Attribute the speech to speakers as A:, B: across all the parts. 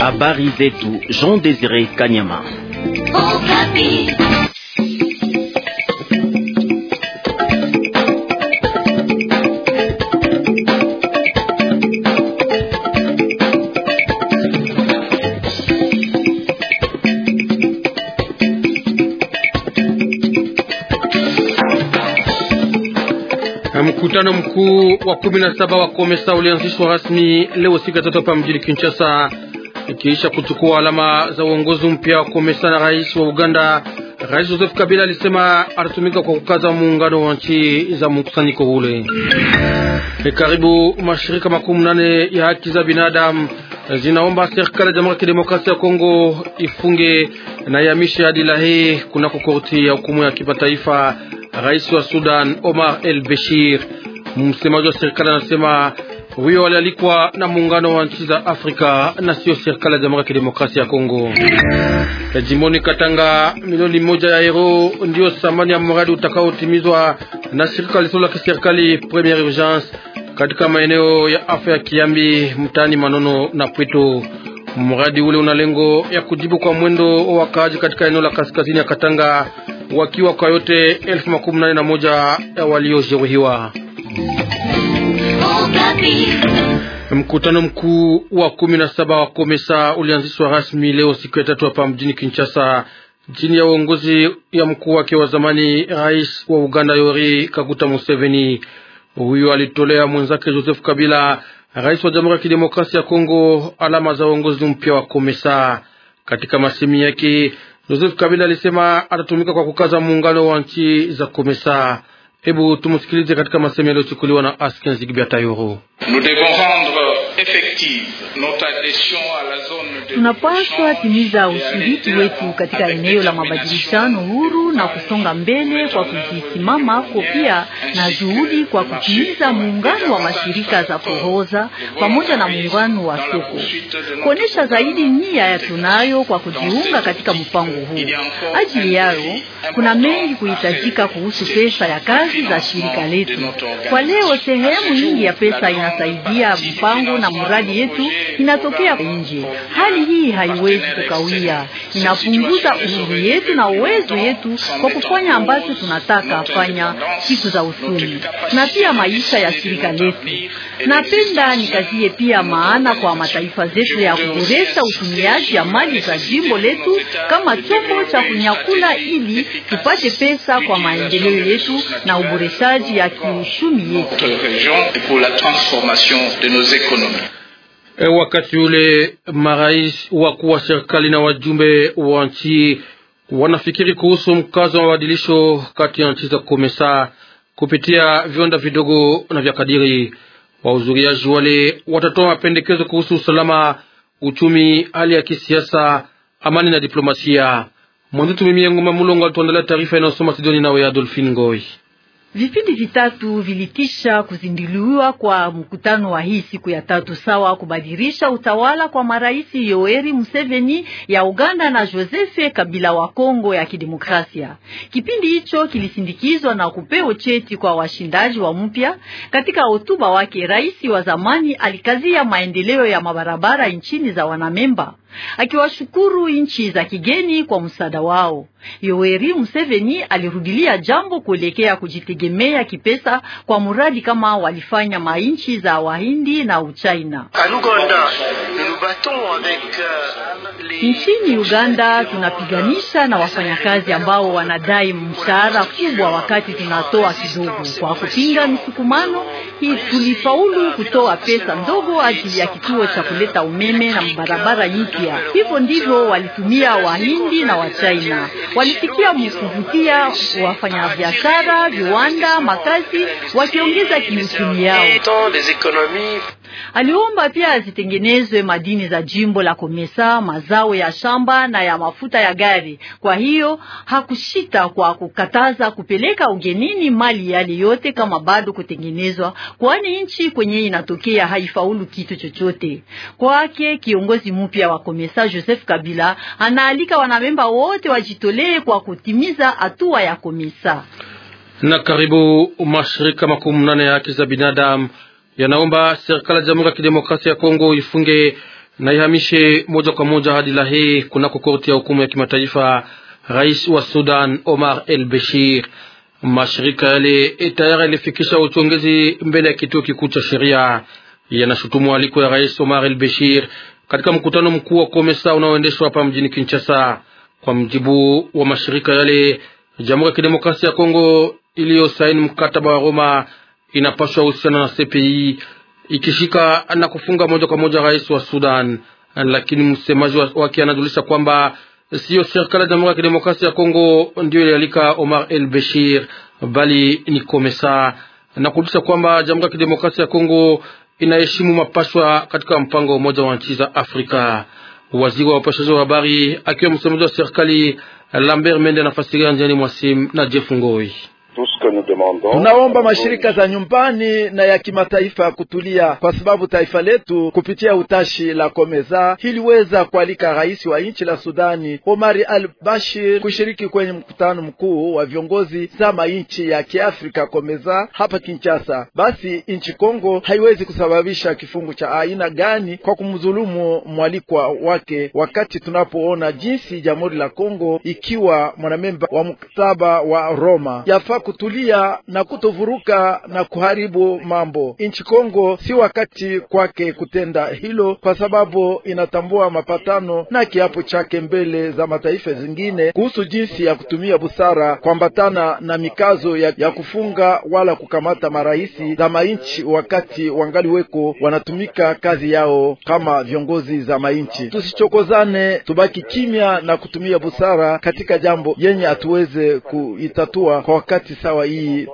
A: Habari zetu Jean Désiré Kanyama. Okapi.
B: Mkutano mkuu wa 17 wa Komesa ulianzishwa rasmi leo siku ya tatu hapa mjini Kinshasa, ikiisha kuchukua alama za uongozi mpya wa Komesa na rais wa Uganda. Rais Joseph Kabila alisema atatumika kwa kukaza muungano wa nchi za mkusanyiko ule. Karibu mashirika makumi nane ya haki za binadamu zinaomba serikali ya Jamhuri ya Kidemokrasia ya Kongo ifunge na ihamishe hadi Lahii kunako korti ya hukumu ya kimataifa rais wa Sudan Omar El Bashir. Msemaji wa serikali anasema huyo alialikwa na muungano wa nchi za Afrika na sio serikali ya Jamhuri ya Kidemokrasia ya Kongo. Jimboni Katanga, milioni moja ya euro ndiyo thamani ya mradi utakaotimizwa na shirika lisilo la kiserikali Premier Urgence katika maeneo ya afya ya Kiambi, mtaani Manono na Pweto. Mradi ule una lengo ya kujibu kwa mwendo wa wakaaji katika eneo la kaskazini ya Katanga wakiwa kwa yote elfu makumi nane na moja waliojeruhiwa. Mkutano mkuu wa kumi na saba wa Komesa ulianzishwa rasmi leo siku ya tatu hapa mjini Kinshasa chini ya uongozi ya mkuu wake wa zamani rais wa Uganda Yoweri Kaguta Museveni. Huyo alitolea mwenzake Joseph Kabila, rais wa Jamhuri ya Kidemokrasia ya Kongo, alama za uongozi mpya wa Komesa. Katika masemi yake Joseph Kabila alisema atatumika kwa kukaza muungano wa nchi za Komesa. Hebu tumsikilize katika masemo yaliyochukuliwa na Askenzigbia Tayoro.
A: Tunapaswa timiza ushiriki
C: wetu katika eneo la mabadilishano huru na kusonga mbele kwa kujisimama ko pia na juhudi kwa kutimiza muungano wa mashirika za kuhoza pamoja na muungano wa soko, kuonesha zaidi nia ya tunayo kwa kujiunga katika mpango huu. Ajili yayo kuna mengi kuhitajika kuhusu pesa ya kazi za shirika letu. Kwa leo, sehemu nyingi ya pesa inasaidia mpango na mradi yetu inatokea nje. Hali hii haiwezi kukawia, inapunguza uhuru yetu na uwezo yetu kwa kufanya ambacho tunataka fanya siku za usoni na pia maisha ya shirika letu. Napenda nikazie pia maana kwa mataifa zetu ya kuboresha utumiaji ya mali za jimbo letu kama chombo cha kunyakula, ili tupate pesa kwa maendeleo yetu na uboreshaji ya kiuchumi yetu.
B: E, wakati ule marais wakuu wa serikali na wajumbe wa nchi wanafikiri kuhusu mkazo wa mabadilisho kati ya nchi za komesa kupitia viwanda vidogo na vya kadiri. Wahudhuriaji wale watatoa mapendekezo kuhusu usalama, uchumi, hali ya kisiasa, amani na diplomasia. Mwenzetu mimi nguma Mulongo alituandalia taarifa inayosoma Sidoni nawe Adolfin Ngoi.
C: Vipindi vitatu vilitisha kuzinduliwa kwa mkutano wa hii siku ya tatu sawa kubadilisha utawala kwa maraisi Yoweri Museveni ya Uganda na Joseph Kabila wa Kongo ya Kidemokrasia. Kipindi hicho kilisindikizwa na kupeo cheti kwa washindaji wa mpya. Katika hotuba wake, rais wa zamani alikazia maendeleo ya mabarabara nchini za wanamemba akiwashukuru nchi za kigeni kwa msaada wao. Yoweri Museveni alirudilia jambo kuelekea kujitegemea kipesa kwa muradi kama walifanya mainchi za Wahindi na Uchaina. Nchini Uganda tunapiganisha na wafanyakazi ambao wanadai mshahara kubwa wakati tunatoa kidogo. Kwa kupinga misukumano hii, tulifaulu kutoa pesa ndogo ajili ya kituo cha kuleta umeme na barabara mpya. Hivyo ndivyo walitumia Wahindi na Wachaina, walifikia kuvutia wafanyabiashara, viwanda, makazi, wakiongeza kiuchumi yao. Aliomba pia zitengenezwe madini za jimbo la Komesa, mazao ya shamba na ya mafuta ya gari. Kwa hiyo hakushita kwa kukataza kupeleka ugenini mali yale yote kama bado kutengenezwa, kwani nchi kwenye inatokea haifaulu kitu chochote. Kwake kiongozi mpya wa Komesa Joseph Kabila anaalika wanamemba wote wajitolee kwa kutimiza hatua ya Komesa
B: na karibu mashirika makumi nane ya haki za binadamu yanaomba serikali ya Jamhuri ya Kidemokrasia ya Kongo ifunge na ihamishe moja kwa moja hadi Lahei kunako korti ya hukumu ya kimataifa rais wa Sudan Omar El Bashir. Mashirika yale e, tayari yalifikisha uchongezi mbele ya kituo kikuu cha sheria, yanashutumu aliko ya rais Omar El Bashir katika mkutano mkuu wa Komesa unaoendeshwa hapa mjini Kinshasa. Kwa mjibu wa mashirika yale, Jamhuri ya Kidemokrasia ya Kongo iliyosaini mkataba wa Roma inapaswa husiana na CPI ikishika na kufunga moja kwa moja rais wa Sudan, lakini msemaji wake anajulisha kwamba siyo serikali ya Jamhuri ya Kidemokrasia ya Kongo ndiyo ilialika Omar El Bashir, bali ni Komesa, na kujulisha kwamba Jamhuri ya Kidemokrasia ya Kongo inaheshimu mapashwa katika mpango mmoja wa nchi za Afrika. Waziri wa upashaji wa habari akiwa msemaji wa serikali Lambert Mende anafasiria njiani mwasim na Jeff Ngoi. Tunaomba mashirika
A: za nyumbani na ya kimataifa kutulia, kwa sababu taifa letu kupitia utashi la Komeza iliweza kualika rais wa nchi la Sudani Omar al-Bashir kushiriki kwenye mkutano mkuu wa viongozi za nchi ya Kiafrika Komeza hapa Kinshasa. Basi nchi Kongo haiwezi kusababisha kifungo cha aina gani kwa kumdhulumu mwalikwa wake, wakati tunapoona jinsi Jamhuri la Kongo ikiwa mwanamemba wa mkataba wa Roma Yafa kutulia na kutovuruka na kuharibu mambo. Nchi Kongo si wakati kwake kutenda hilo, kwa sababu inatambua mapatano na kiapo chake mbele za mataifa zingine kuhusu jinsi ya kutumia busara kuambatana na mikazo ya, ya kufunga wala kukamata maraisi za mainchi wakati wangali weko wanatumika kazi yao kama viongozi za mainchi. Tusichokozane, tubaki kimya na kutumia busara katika jambo yenye hatuweze kuitatua kwa wakati wakati sawa hii.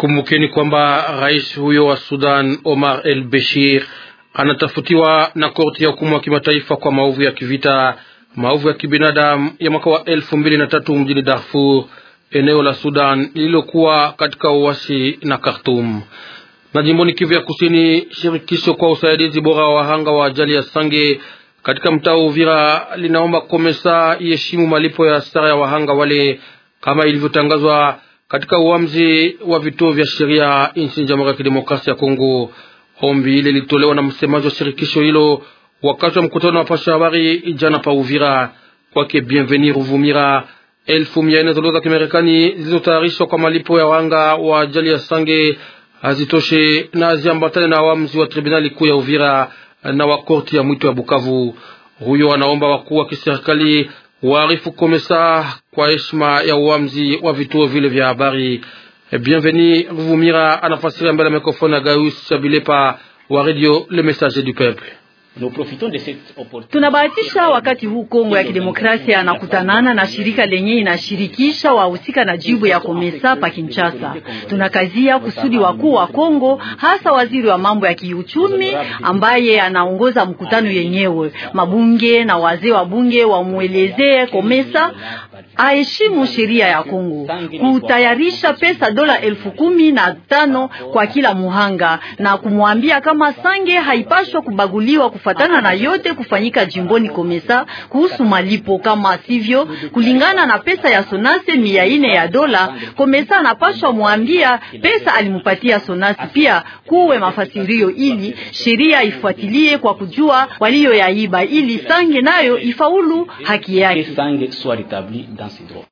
B: Kumbukeni kwamba rais huyo wa Sudan Omar El Bashir anatafutiwa na korti ya hukumu wa kimataifa kwa maovu ya kivita, maovu ya kibinadamu ya mwaka wa elfu mbili na tatu mjini Darfur, eneo la Sudan lililokuwa katika uasi na Khartoum. Na jimboni Kivu ya Kusini, shirikisho kwa usaidizi bora wa wahanga wa ajali ya Sange katika mtaa Uvira linaomba Komesa iheshimu malipo ya sara ya wahanga wale kama ilivyotangazwa katika uamuzi wa vituo vya sheria nchini Jamhuri ya Kidemokrasia ya Kongo. Ombi ile lilitolewa na msemaji wa shirikisho hilo wakati wa mkutano wa pasha habari jana pa Uvira. Kwake Bienveni Ruvumira, elfu mia nne za dola za Kimarekani zilizotayarishwa kwa malipo ya wahanga wa ajali ya Sange hazitoshe na haziambatane na uamuzi wa tribunali kuu ya Uvira na wa korti ya mwito ya Bukavu. Huyo anaomba wakuu wa kiserikali waarifu Komesa kwa heshima ya uamzi wa vituo vile vya habari. Bienveni Ruvumira anafasiria mbele ya mikrofoni ya Gaius Chabilepa wa Radio Le Messager du Peuple.
C: Tunabahatisha wakati huu Kongo ya Kidemokrasia anakutanana na shirika lenye inashirikisha wahusika na jibu ya Komesa pa Kinshasa. Tunakazia kusudi wakuu wa Kongo, hasa waziri wa mambo ya kiuchumi ambaye anaongoza mkutano yenyewe, mabunge na wazee wa bunge wamwelezee Komesa aheshimu sheria ya Kongo kutayarisha pesa dola elfu kumi na tano kwa kila muhanga na kumwambia kama Sange haipashwa kubaguliwa kufatana na yote kufanyika jimboni Komesa kuhusu malipo, kama sivyo kulingana na pesa ya Sonase mia ine ya dola. Komesa anapashwa mwambia pesa alimupatia Sonase, pia kuwe mafasirio ili sheria ifuatilie kwa kujua walioyaiba, ili Sange nayo ifaulu haki yake. Down syndrome.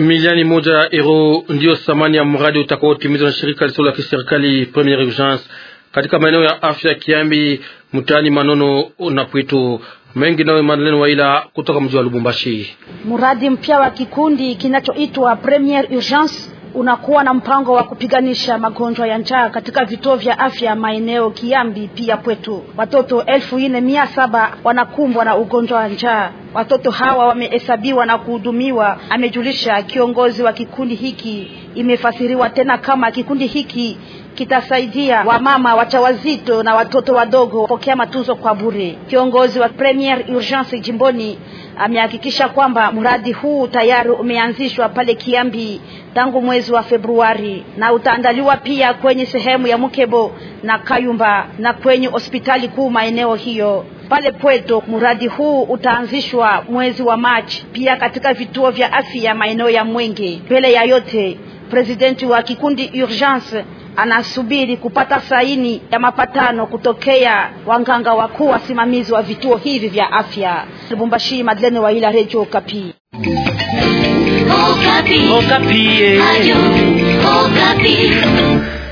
B: Milioni moja ya euro ndiyo thamani ya mradi utakaotimizwa na shirika lisilo la kiserikali Premier Urgence katika maeneo ya afya Kiambi, mtaani Manono na Pwitu mengi nayo Madeleine Waila kutoka mji wa Lubumbashi.
D: Mradi mpya wa kikundi kinachoitwa Premier Urgence unakuwa na mpango wa kupiganisha magonjwa ya njaa katika vituo vya afya maeneo Kiambi pia pwetu Watoto elfu nne mia saba wanakumbwa na ugonjwa wa njaa. Watoto hawa wamehesabiwa na kuhudumiwa, amejulisha kiongozi wa kikundi hiki imefasiriwa tena kama kikundi hiki kitasaidia wamama wachawazito na watoto wadogo kupokea matunzo kwa bure. Kiongozi wa Premier Urgence jimboni amehakikisha kwamba mradi huu tayari umeanzishwa pale Kiambi tangu mwezi wa Februari na utaandaliwa pia kwenye sehemu ya Mukebo na Kayumba na kwenye hospitali kuu maeneo hiyo pale Pweto. Mradi huu utaanzishwa mwezi wa Machi pia katika vituo vya afya maeneo ya Mwenge. Mbele ya yote presidenti wa kikundi Urgence anasubiri kupata saini ya mapatano kutokea wanganga wakuu wasimamizi wa vituo hivi vya afya. Lubumbashi, Madlene ila Radio Okapi. Okapi. Okapi. Eh. Okapi.